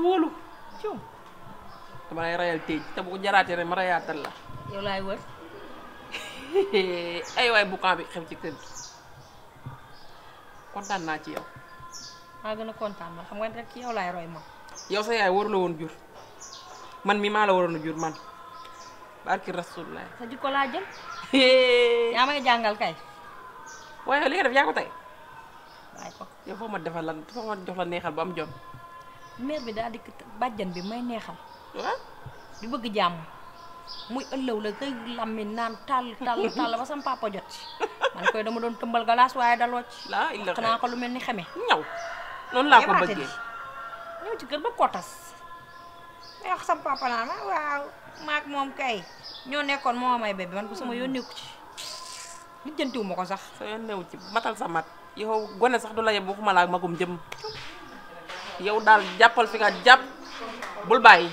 wóolu ciw dama lay rayal téej te bu jaraatee rek ma rayaatal la yow laay wër ay waay boucan bi xew ci kër gi kontaan naa ci yow maa gën a kontaan man xam nga rek ci yow lay roy moom yow sa yaay waru woon jur man mi maa la waroon a jur man barki rasulullah sa jikko laa jël yaa may jàngal kay waaye li nga def yaa ko tey yow foo ma defal lan foo ma jox la neexal bu am jom mère bi daal di bàjjan bi may neexal. di bëgg jàmm. muy ëllëw la kay lammi naan tàll tàll tàll ba sama jot ci man koy dama doon tëmbal galaas waaye daloo ci. laa illah xanaa ko lu mel ni xeme. ñaw noonu laa ko bëggee ñëw ci kër ba ko tas. may wax sama papa ah, waaw maak moom kay ñoo nekkoon moo may bébé man ko sama yoon nekku ci. lijjantiwu ma ko sax. sa yoon ci matal sa mat yow gone sax du la yeb waxuma laa magum jëm. yow ya dal jappal fi nga japp bul bàyyi.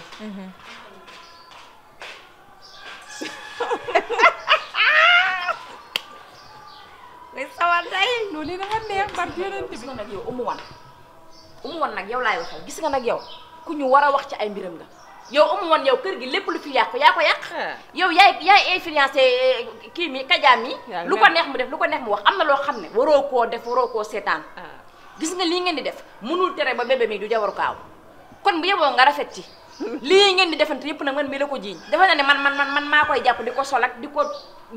mais sawar day no ni dafa neex barke yonent bi gis nga nag yow umu wan umu wan nak yow lay waxal gis nga ya. nak yow ku ñu wara wax ci ay mbiram nga yow umu wan yow kër gi lepp lu fi yak yaa ko yàq yow yaay yaay influencé ki mi kajaam lu ko neex mu def lu ko neex mu wax amna lo xamne waro ko def waro ko sétane gis nga lii ngeen di def mënul tere ba bébé mi du jawaru kaaw kon bu yeboo nga rafet ci lii ngeen di defante yëpp nag man mi la ko jiiñ dafa na ne man man man man maa koy jàpp di ko sol ak di ko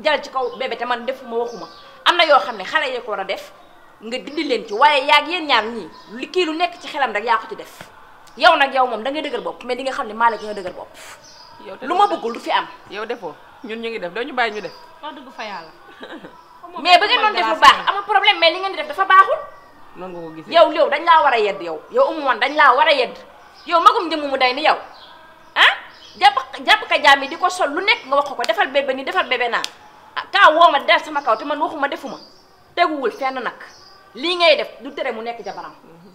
jal ci kaw bébé te man defuma waxuma am na yoo xam ne xale yi ko war a def nga dindi leen ci waaye yaag yéen ñaar ñii li kii lu nekk ci xelam rek yaa ko ci def yow nag yow moom da ngay dëgër bopp mais di nga xam ne maa la gën a dëgër bopp lu ma bëggul du fi am yow defoo ñun ñu ngi def dañu ñu ba ngeen doon def lu baax amul problème mais li ngeen di def dafa baaxul noonu nga yow yow dañ laa war a yedd yow yow umu woon dañ laa war a yedd yow magum jëmm mu day ni yow ah jàpp jàpp ka jaam yi di ko sol lu nekk nga wax ko defal bébé nii defal bébé naa ah kaa woo ma dal sama kaw te man waxuma defuma teguwul fenn nag lii ngay def lu tere mu nekk jabaram mhm.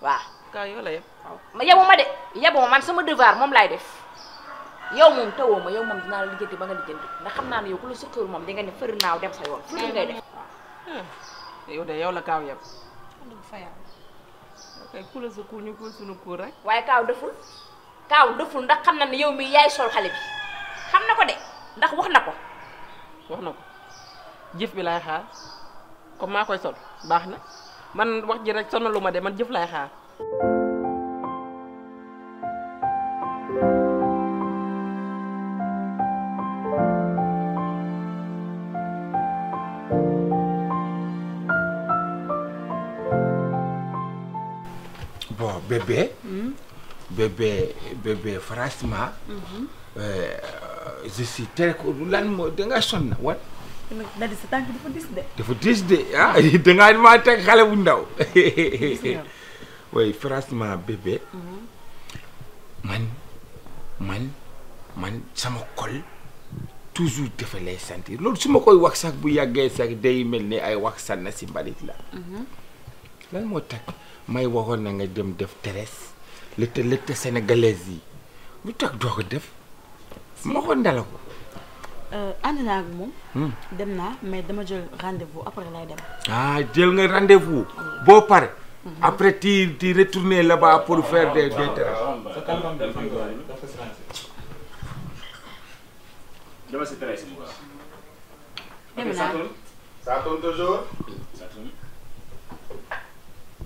waa kaa yow la yëpp ma yebu ma de yebu man sama devoir moom laay def yow moom tawoo ma yow moom dinaa la lijjanti ba nga lijjanti ndax xam naa ne yow ku la sukkur moom di nga ne fër naaw dem sa yoon. fu ngay hmm. def hmm. yow la kaaw yëpp. dëgg fa yàlla. kuur ñu kuur suñu kuur rek. waaye Kaaw dëful Kaaw dëful ndax xam na ni yow mi yaay sol xale bi xam na ko de ndax wax na ko. wax na ko jëf bi laay xaar comme maa koy sol baax na man wax ji rek sonaluma de man jëf laay xaar. bon bébé. Hmm. bébé bébé franchement. Hmm. Euh, je suis très lan moo dangaa sonn wan. dafa dis de. dafa dis de ah, xale bu ndaw. oui franchement bébé. Hmm. man man man sama xol toujours dafa lay sentir loolu su ma koy wax sax bu yàggee sax day mel ni ay wax sànna si mbalit la. lan moo tax may waxoon na nga dem def teres lëtt lëtt sénégalaise yi lu tax doo ko def ma ko ndala euh, ko ànd naa ak moom hmm. dem naa mais dama jël rendez-vous après lay dem ah jël nga rendez-vous boo pare mhm. après ti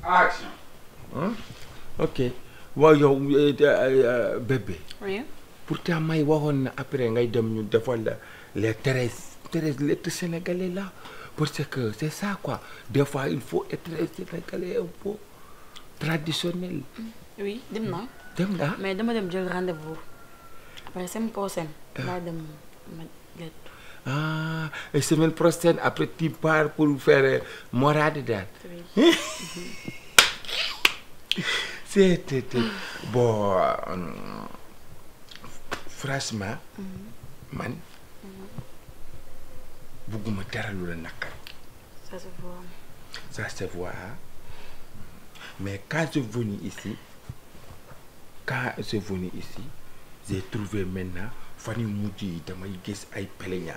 Action. Hein? Ok. waaw eh, eh, eh, bébé. oui. pour te may après ngay dem ñu la les lettres sénégalais là parce que c'est ça quoi des fois il faut être sénégalais un peu traditionnel. oui demain. Demain. mais demain dem jël rendez vous après une mon ah, et semaine prochaine, après, tu pars pour faire euh, morade date. Oui. C'était. Bon, euh, franchement, mm -hmm. man, mm-hmm. bëgguma me lu la Ça se voit. Ça se voit. Hein. Mais quand je suis venu ici, quand je suis venu ici, j'ai trouvé maintenant Fanny Moudi, Damay Gis, Ay Pelenya.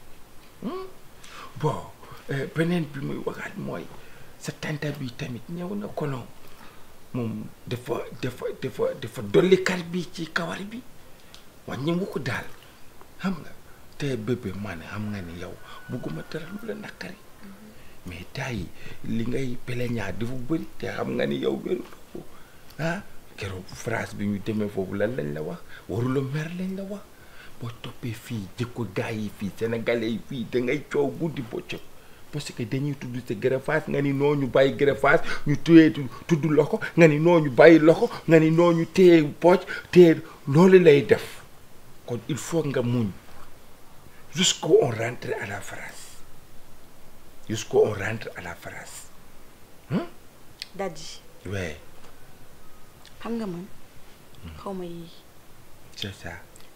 Hmm? bon euh, beneen bi muy waxaat mooy sa tante bi tamit ñëw na kono moom dafa dafa dafa dafa dolli kar bi ci kawar bi wàññi wu ko daal xam nga te bébé man xam nga ni yow bugguma dara lu la naqari mais tay li ngay ñaar dafa bëri te xam nga ni yow wéru ah keroog france bi ñu demee foofu lan lañ la wax warula mer lañ la wax bɔtɔpe fii dzekoga yi fii fi yi fii deŋe tsɔ wu gudi bɔtsɛ parce que dañuy tudd sa greffage nga ni noo ñu bàyyi greffage ñu téye tudd loxo nga ni noo ñu bàyyi loxo nga ni noo ñu téye pooj téye loolu lay def kon il faut nga muñ jusqu'où on rentre à la France jusqu'où on rentre à la France dadji oui xam nga man hmm. xaw ma yii c'est ça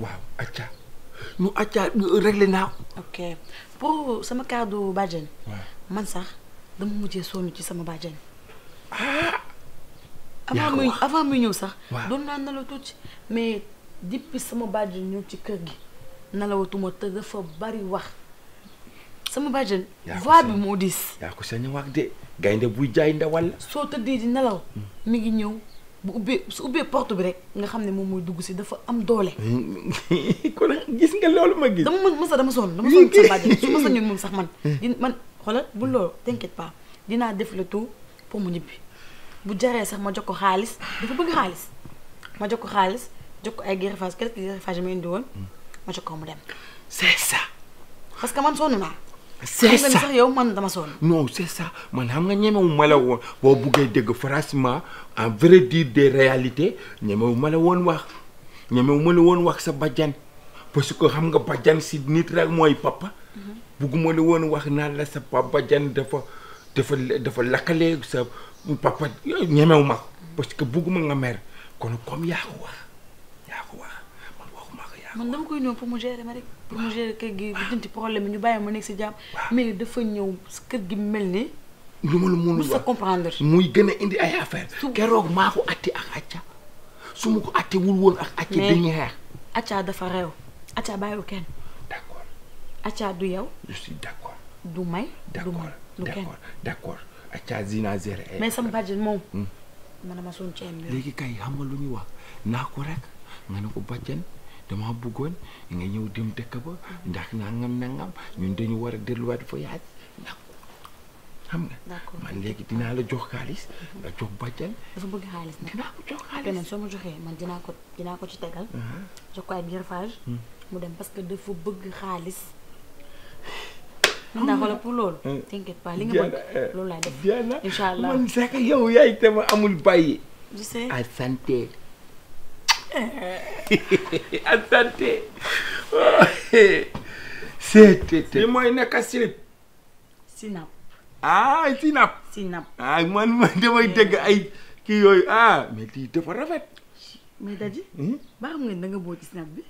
waaw acca ñu acca réglé naa ok pour sama kàddu bàjjen man sax dama mujjee sonn ci sama bàjjen ah! avant muy avant muy ñëw sax doon naa nelaw tuuti mais depuis sama bàjjen ñëw ci kër gi nelawatuma te dafa bari wax sama bàjjen voix bi moo diis yaa ko sañ wax de gaynde buy jaay ndawal soo tëddee di nelaw hmm. mi ngi ñëw bu ubbee su ubbee port bi rek nga xam ne moom mooy dugg si dafa am doole. kon gis nga loolu ma gis. dama mën masa dama sonn dama sonn sa su ma sañoon moom sax man. di man xoolal bu loolu t'inquiète pas dinaa def le tout pour mu ñibbi bu jaree sax ma jox ko xaalis dafa bëgg xaalis ma jox ko xaalis jox ko ay greffage quelques greffage indi woon hmm. ma jox ko mu dem. c'est ça. que man sonn naa. c'est ça sax yow man dama sonn. non c'est ça man xam nga ñemewu ma la woon boo buggee dégg franchement en vrai dire des réalités ñemewu ma woon wax ñemewu ma la woon wax sa bajjan parce que xam nga bajjan si nit rek mooy papa. bugguma la woon wax naan la sa papa bajjan dafa dafa dafa lakkale sa papa ñemewu ma parce que bugguma nga mer kon comme yaa ko wax yaa ko wax. man dama koy ñëw pour mu gérer ma rek pour mu gérer kër gi jënti problème bi ñu bàyyi ma nekk si jàmm mais dafa ñëw kër gi mel ni lu ma la mënul wax comprendre gën indi ay affaire keroog maa ko atti ak acca su ma ko atti wul woon xeex acca dafa réew acca bàyyiwu kenn du yow je du may du may du kenn d'accord acca zina zéré mais eh, sama eh. bàjjen moom ma suñ ceen léegi kay xam nga lu ñuy wax naa ko rek nga ne ko bàjjen dama bëggoon nga ñëw dem dëkk ba ndax nangam nangam ñun dañu war a delluwaat voyage ndax xam nga. man léegi dinaa la jox xaalis. nga jox bàjjan. dafa bëgg xaalis nag dinaa ko jox xaalis. ma joxee man ko dinaa ko hmm. parce que dafa bëgg xaalis. ndax wala pour loolu. Eh. t'inquiète eh. ah. yow yaay te ma amul bàyyi. je asante seet li mooy nekk slip sinap ah sinap sinap ah man man damay dégg ay kii yooyu ah mais lii dafa rafet mais daji hmm? ba xam nga da nga boo ci snap bi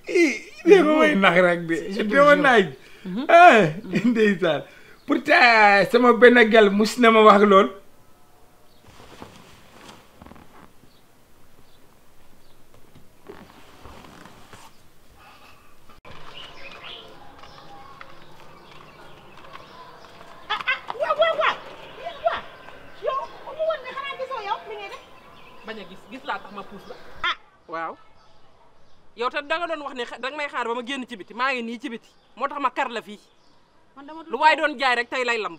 dé ma may nax rek de dama naaj mhm. ah, ndeysaan pourtant sama benn gel mus na ma wax lool waaw yow te danga doon wax ne danga may xaar ba ma génn ci biti maa ngi nii ci biti moo tax ma kar la fii. man dama lu waaye doon jaay rek tey lay lamb.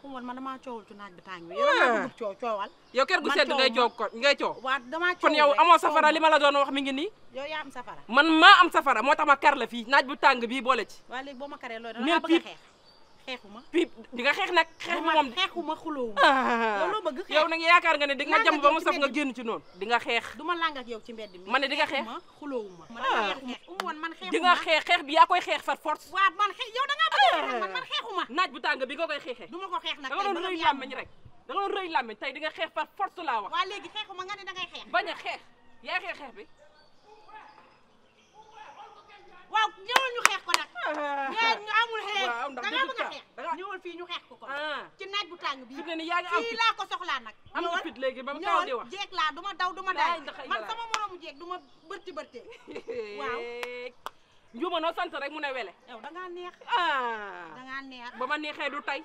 xum man damaa coowul ci naaj bi tàng bi. yow maa bëgg coow coowal. yow kër gu sedd ngay coow ko ngay coow. kon yow amoo safara li ma la doon wax mi ngi nii. yow am safara. man maa am safara moo tax ma kar la fii naaj bu tàng bii boole ci. waaw léegi ma karee loolu xeexuma piip di nga xeex nag xeex bi moom xeexuma xulóowu bëgg yow nag yaakaar nga ne di nga jam ba mu saf nga génn ci noonu di nga xeex du ma làng yow ci mbedd mi ma ne di nga xeex xulóowuma ah. um woon man xeexuma di nga xeex xeex bi yaa koy xeex far force waaw man xeex yow da ngaa bëgg naaj bu tàng bi nga koy xeexee du ma ko xeex nag da nga doon rëy làmmiñ rek da nga doon rëy làmmiñ tey dinga nga xeex far force laa wax waa léegi xeexuma nga ne da ngay xeex bañ a xeex yaa xeex xeex bi waaw ñëwal ñu xeex ko nag. ñëw da ngaa fii ñu xeex ko kon. Ah. ci naaj bu tàng bii. fi mu ne nii yaa fii laa ko soxlaa nag. am nga fit léegi ba mu taw di wax ñëwal laa du ma daw du ma daay man sama moromu jeeg du ma bërti bërte waaw. Njuuma noo sant rek mu ne wele. da ngaa ah. ba ma neexee du tey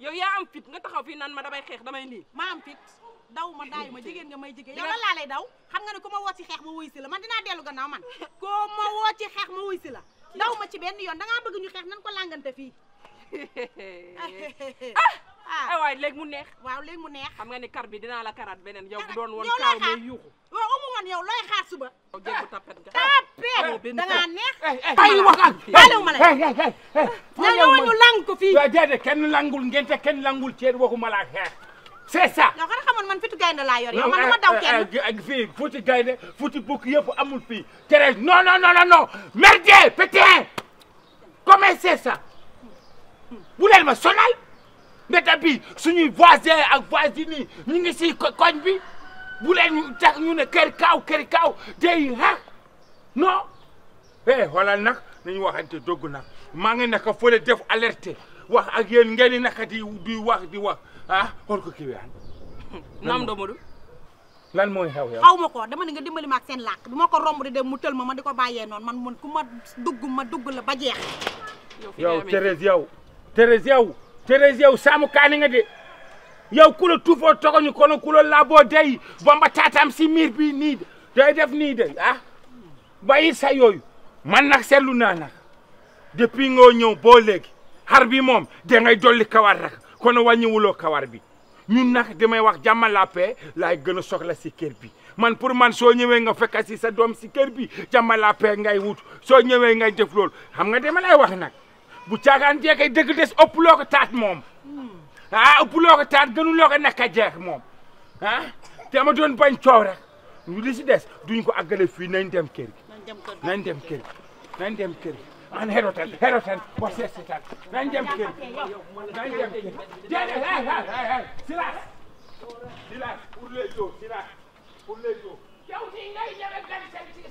yow yaa am fit nga taxaw fii naan ma damay xeex damay lii. ma am fit daw ma daay ma jigéen nga may jigéen yow lan laa lay daw xam nga ne ku ma woo ci xeex ma wuy si la man dinaa dellu gannaaw man koo ma woo ci xeex ma wuy si la daw ma ci benn yoon dangaa bëgg ñu xeex nan ko làngante fii ah, ah. ah. waaye léegi mu neex waaw léegi mu neex xam nga ni kar bi dinaa la karaat beneen yow ah, bu doon woon kaaw may yuuxu waaw amu woon yow looy xaar suba yow jéggu tapet nga tapet dangaa neex ay wax ak balewu ma la na ñooñu eh, eh, eh, lang ko fii déedéet kenn langul ngente kenn langul ceer waxuma la xeex c'est ça. yow nga xamoon fait tout yor man dama daw non non non non merde pétain comment c'est ça Vous voulez? ma sonal mbéta bi voisine ngi koñ bi ñu ne tu day ha non. eh nous nag nañu waxante ngi naka alerte. wax ak yeen ngeen nakati naka di wax di wax ah xol ko kii aan nam do Modou lan moy xew yow xaw ma ko dama ni nga dimbali mak sen lak làkk ko rombu di dem mu teul ma ma diko baye non man ku dugg ma dugg la ba jeex yow Thérèse yow Thérèse yow Thérèse yow kan nga de yow ku tufo togoñu kono ku la day bamba tatam si mir bi ni day def ni de ah Bayi sa yoy man nak selu nana depuis nga ñew bo xar bi moom da ngay dolli kawar rek kon wàññiwuloo kawar bi ñun nag damay wax jàmm la paix laay gën a soxla si kër bi man pour man soo ñëwee nga fekk si sa doom si kër bi jàmm la paix ngay wut soo ñëwee ngay def loolu xam nga dama lay wax nag bu caagaan jeexee dëgg des ëpp loo ko taat moom ah ëpp loo taat gënu loo ko naka jeex moom ah dama doon bañ coow rek ñu li si des duñ ko àggale fii nañ dem kër nañ dem kër gi nañ dem kër an heroten heroten o sestetan nan jam ken nan jam ken dede hey hey hey hey silence silence pour les eaux silence pour les eaux jawdi ngay jaɓe garsen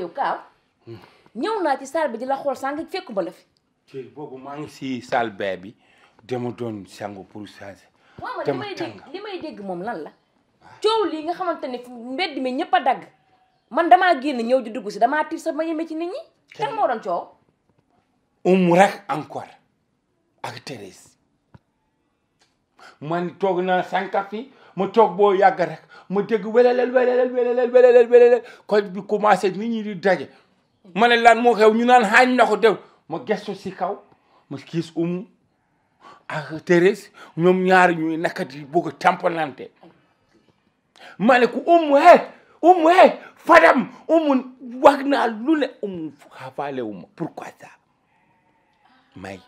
yow kaaw ñëw naa ci salle bi di la xool sànq fekkuma la fi. te boobu maa ngi si bi dama doon sangu pour changer. dama tàng waaw li may dégg moom lan la. coow lii nga xamante ne mbedd mi ñëpp a dagg man damaa génn ñëw di dugg si damaa tiir sax ma yemee ci nit ñi. kan moo doon coow. um rek encore ak Thérèse man toog naa sànq fi. mu toog boo yàgg rek mu dégg welelel welelel welelel welelel welelel koñ bi commencé nit ñi di daje ma ne lan moo xew ñu naan xaañ na ko dew ma gestu si kaw ma gis umu ak Thérèse ñoom ñaar ñuy nakati bëgg a tampalante ma ne ku umu he eh! umu he eh! fadam umu wax naa lu ne umu xaafaale wu ma pourquoi ça may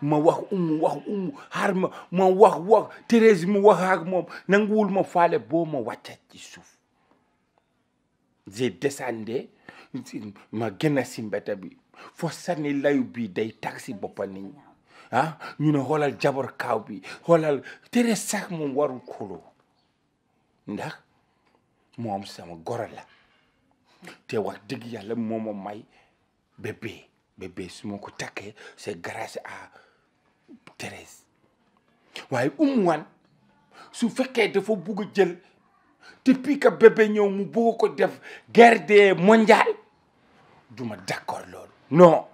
ma wax umu wax umu xaar ma ma wax wax Thérèse mu wax ak moom nanguwul ma faale boo ma wàcca ci suuf je descendé ma gën a si mbedd bi fo sànni layu bi day taxi boppa nit ñi ah ñu ne xoolal jabar kaaw bi xoolal Thérèse sax moom warul xuloo ndax moom sama goro la te wax dëgg yàlla moo ma may bébé bébé su ma ko takkee c'est grâce à Thérèse waaye Oumou wan su fekkee dafa bugg jël depuis que bébé ñëw mu bugg ko def guerre des mondiales duma d'accord loolu non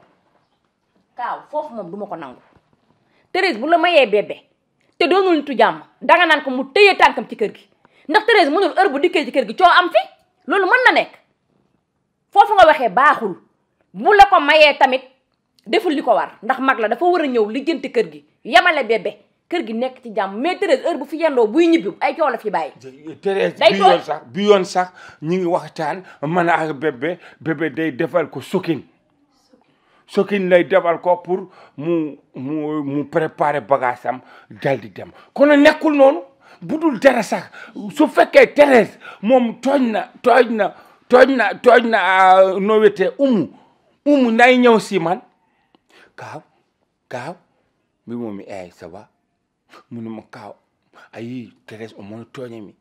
kaaw foofu moom duma ko nangu Thérèse bu la mayee bébé te doonul nitu jàmm danga naan ko mu tëye tànkam ci kër gi ndax Thérèse mënul heure bu dikkee ci kër gi coo am fi loolu mën na nekk foofu nga waxee baaxul bu la ko mayee tamit deful li ko war ndax mag la dafa war a ñëw lijjanti kër gi yamale bébé kër gi nekk ci jàmm mais Thérèse heure bu fi yendoo buy ñibbi ay coow la fi bàyyi. Euh, Thérèse bi yoon sax bi yoon sax ñu ngi waxtaan man ak bébé bébé day defal ko sukkin sokkin lay defal ko pour mu mu mu préparer bagage am dal di dem kon nekkul noonu bu dul dara sax su fekkee Thérèse moom tooñ na tooñ na tooñ na tooñ na euh, nowete umu umu nday ñëw si man kaw kaw mi momi ay eh, sa ba saba munuma kaaw ayi Thérèse o mono tooñe mi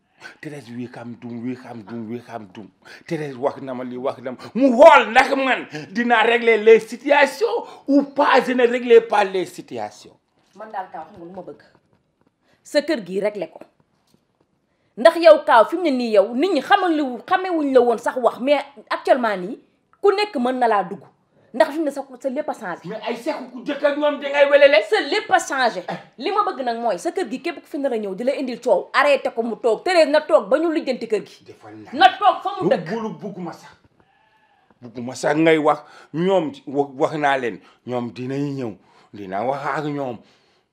Thérèse wi kam dum wi kam dum wi kam dum Thérèse wak na ma li wak dam mu xool ndax man dina régler les situations ou pas je ne régler pas les situations man dal kaw xam nga lu ma bëgg sa kër gi régler ko ndax yow kaw fim mu ne nii yow nit ñi xamal lu xamewuñ la won sax wax mais actuellement ni ku nek mën na laa dugg ndax fi mu ne sa sa lépp a changé. mais ay sekk ku jëkk ak ñoom dangay welele. sa lépp a changé eh. li ma bëgg nag mooy sa kër gi képp ku fi na a ñëw di la indil coow. arrêté ko mu toog tere na toog ba ñu lijjanti kër gi. na toog fa mu dëkk loolu bugguma sax bugguma sax ngay wax ñoom wax naa leen ñoom dinañ ñëw dinaa wax ak ñoom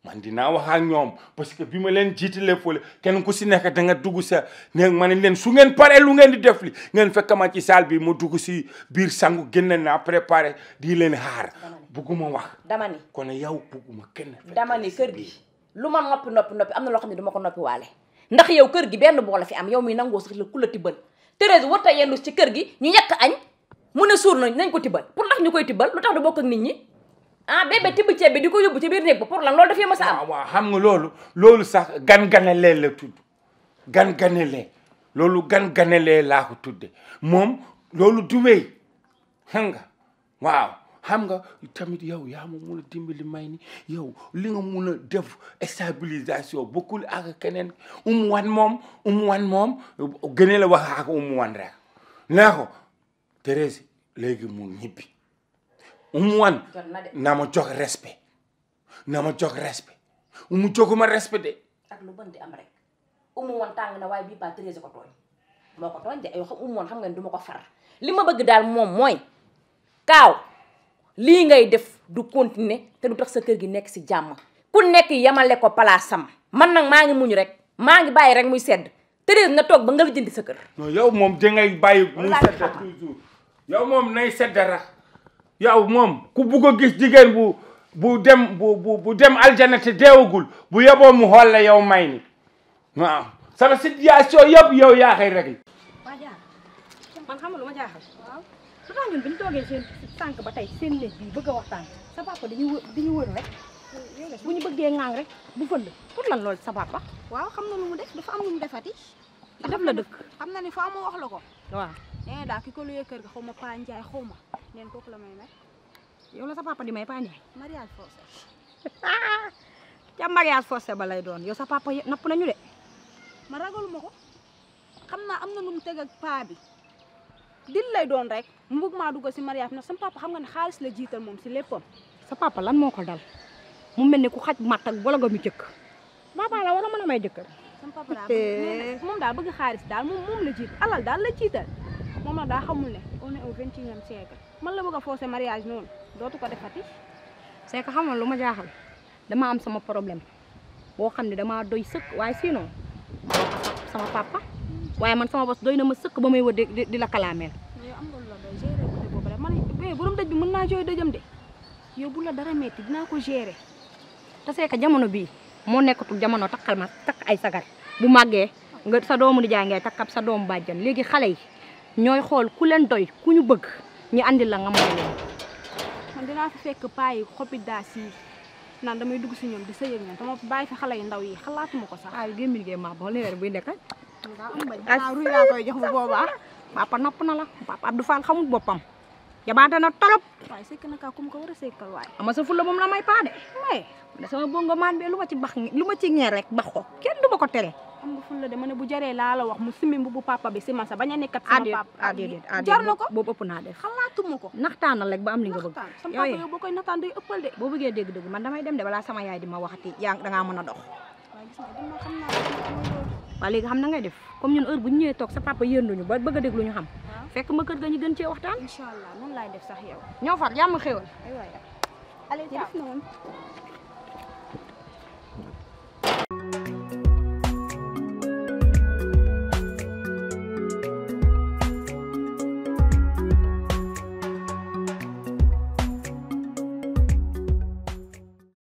man dinaa wax ak ñoom parce que bi ma leen jiitalee fële kenn ku si nekk da nga dugg sa ne ma ne leen su ngeen paree lu ngeen di def li ngeen fekk ma ci saal bii ma dugg si biir sangu génne naa préparé di leen xaar. bugguma wax. dama ni kon yow bugguma kenn. dama ni kër gi lu man noppi noppi noppi am na loo xam ne dama ko noppi waale ndax yow kër gi benn boo la fi am yow mi nangoo sax la ku la tibbal Thérèse warta yendu ci kër gi ñu yekk añ mu ne suur nañ nañ ko tibbal pour ndax ñu koy tibbal lu tax du bokk nit ñi. ah bébé tibb bi di ko yóbbu ci biir néeg ba pour lan loolu dafay mës a am. waaw waaw xam nga loolu loolu sax gan-ganalee la tudd gan-ganalee loolu gan-ganalee laa ko tudde moom loolu du wéy xam nga waaw xam nga tamit yow yaa ma mun a ni yow li nga mun a def stabilisation bokkul ak keneen umu wan moom umu wan moom gënee la wax ak umu wan rek nee ko Thérèse léegi mu ñibbi Umuan, wan naa jox respect naa ma jox respect umu joguma respecté ak lu bon di am rek umu won tang na way bi ba Thérèse ko toy moko ko de ay xam umu won xam nga duma ko far lima bëgg dal mom moy kaw li ngay def du continuer te du tax sa kër gi nek si jamm ku nek yamalé ko palaasam man nak ma ngi muñu rek ma ngi baye rek muy sedd Thérèse na tok ba nga la jëndi sa kër. non yow baye muy sedd toujours yow mom nay sedd dara yow ya moom ku bugg a gis jigéen bu bu dem bu bu dem aljana te deewagul bu yeboo mu xool la yow may ni sama situation yëpp yow yaa koy réglé. man xam nga lu ma jaaxal. waaw su tax ñun bi ñu toogee seen sànq ba tey seen néeg bi bëgg a waxtaan sa papa dañuy wër dañuy wër rek bu ñu bëggee ŋaang rek bu fël pour lan loolu sa papa. waaw xam na lu mu def dafa am lu mu defati. daf la dëkk xam na ni faa mu wax la ko waaw eh, daa ki ko luyee kër ga xaw ma Paa Njaay xaw ma neen kooku ya la may may. yow la sa papa di may Paa Njaay. mariage forcé. ca mariage forcé ya, ba don, doon ya yow sa papa napp nañu de. ma ragalu ma ko xam naa am na lu mu teg ak paa bi dil lay doon rek mu bëgg maa dugg si mariage bi nag sama papa xam nga ne xaalis la jiital moom si léppam. sa papa lan moo ko dal mu mel ni ku xaj matt ak wala nga mu papa la war a may jëkkër. sama papa laa moom daal bëgg xaalis daal moom moom la jiital alal daal la jiital. Mama da xamul ne on est au 21e siècle man la bëgg a forcer mariage non dootu ko defati. c'est que xam luma jaaxal dama am sama problème bo xamni dama doy seuk sino sama papa waye man sama boss doy na ma seuk ba may di la kalaameel. yow am de bi mën de yow bu la dara metti ko gérer jamono jamono ma takk ay sagar bu nga sa doomu di jangé takap sa doomu bajjan légui xalé yi. ñooy xool ku leen doy ku ñu bëgg ñu andi la nga may leen man dinaa fekk paa yi xobi daas yi naan damay dugg si ñoom di sëy ak ñoom dama bàyyi fi xale yu ndaw yi xalaatuma ko sax ay gémmil gee maa boo leer buy nekk ah jox bu boobaa papa napp na la papa Abdou Fall xamul boppam jabaate na torop na kaa kum ko war a sekkal waaye ama sa fulla moom la may paa de may sama bongo maan bee lu ma ci bax lu ma ci ñeer rek bax ko kenn du ko tere am nga ful la de ma bu jaree laa la wax mu simi mbubu papa bi si sa bañ nekkat sama papa jar na ko boobu def xalaatuma ko rek ba am li nga bëgg sama papa yow ëppal dégg dëgg man damay dem sama yaay di ma waxati yaa da ngaa mën dox waa léegi xam na ngay def comme ñun heure bu ñu ñëwee sa papa yéenduñu ba bëgg dégg lu xam fekk ma kër gën waxtaan inshallah def sax yow ñoo far ay allez